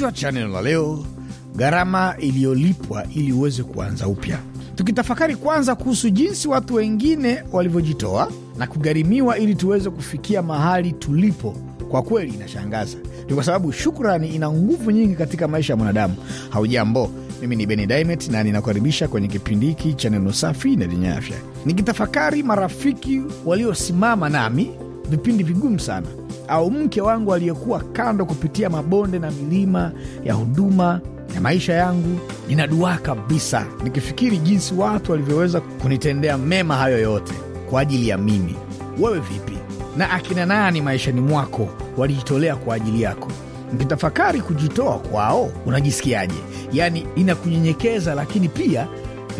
Kichwa cha neno la leo: gharama iliyolipwa ili uweze kuanza upya. Tukitafakari kwanza kuhusu jinsi watu wengine walivyojitoa na kugharimiwa ili tuweze kufikia mahali tulipo, kwa kweli inashangaza. Ni kwa sababu shukrani ina nguvu nyingi katika maisha ya mwanadamu. Haujambo, mimi ni Beni Dimet na ninakukaribisha kwenye kipindi hiki cha neno safi na lenye afya, nikitafakari marafiki waliosimama nami vipindi vigumu sana au mke wangu aliyekuwa kando kupitia mabonde na milima ya huduma na maisha yangu. Ninaduaa kabisa nikifikiri jinsi watu walivyoweza kunitendea mema hayo yote kwa ajili ya mimi. Wewe vipi? Na akina nani maishani mwako walijitolea kwa ajili yako? Mkitafakari kujitoa kwao, unajisikiaje? Yaani, inakunyenyekeza lakini pia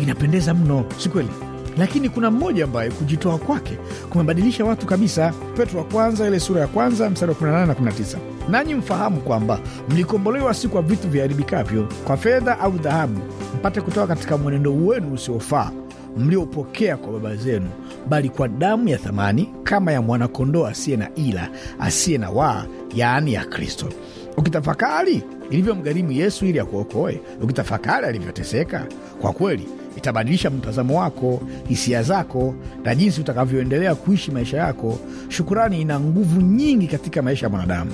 inapendeza mno, si kweli? lakini kuna mmoja ambaye kujitoa kwake kumebadilisha watu kabisa. Petro wa kwanza ile sura ya kwanza mstari wa 18 na 19, nanyi mfahamu kwamba mlikombolewa si kwa vitu viharibikavyo, kwa fedha au dhahabu, mpate kutoka katika mwenendo wenu usiofaa mliopokea kwa baba zenu, bali kwa damu ya thamani kama ya mwanakondoo asiye na ila, asiye na waa, yaani ya Kristo. Ukitafakari ilivyomgharimu Yesu ili akuokoe, ukitafakari alivyoteseka, kwa kweli itabadilisha mtazamo wako, hisia zako na jinsi utakavyoendelea kuishi maisha yako. Shukurani ina nguvu nyingi katika maisha ya mwanadamu.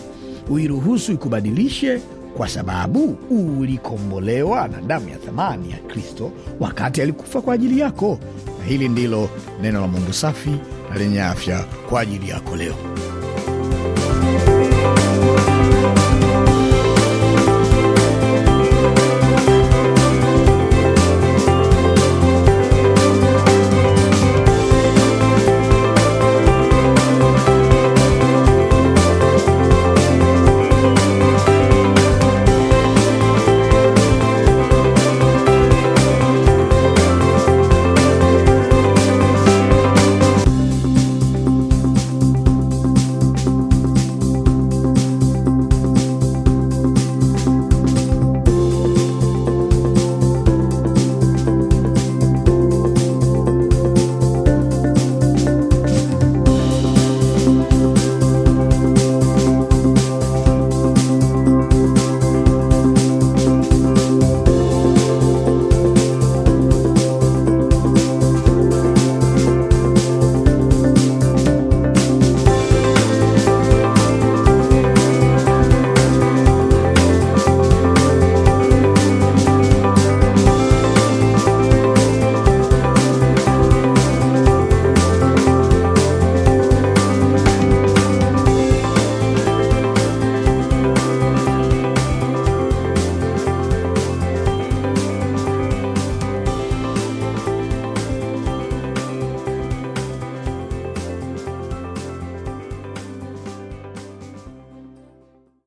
Uiruhusu ikubadilishe, kwa sababu ulikombolewa na damu ya thamani ya Kristo wakati alikufa kwa ajili yako. Na hili ndilo neno la Mungu safi na lenye afya kwa ajili yako leo.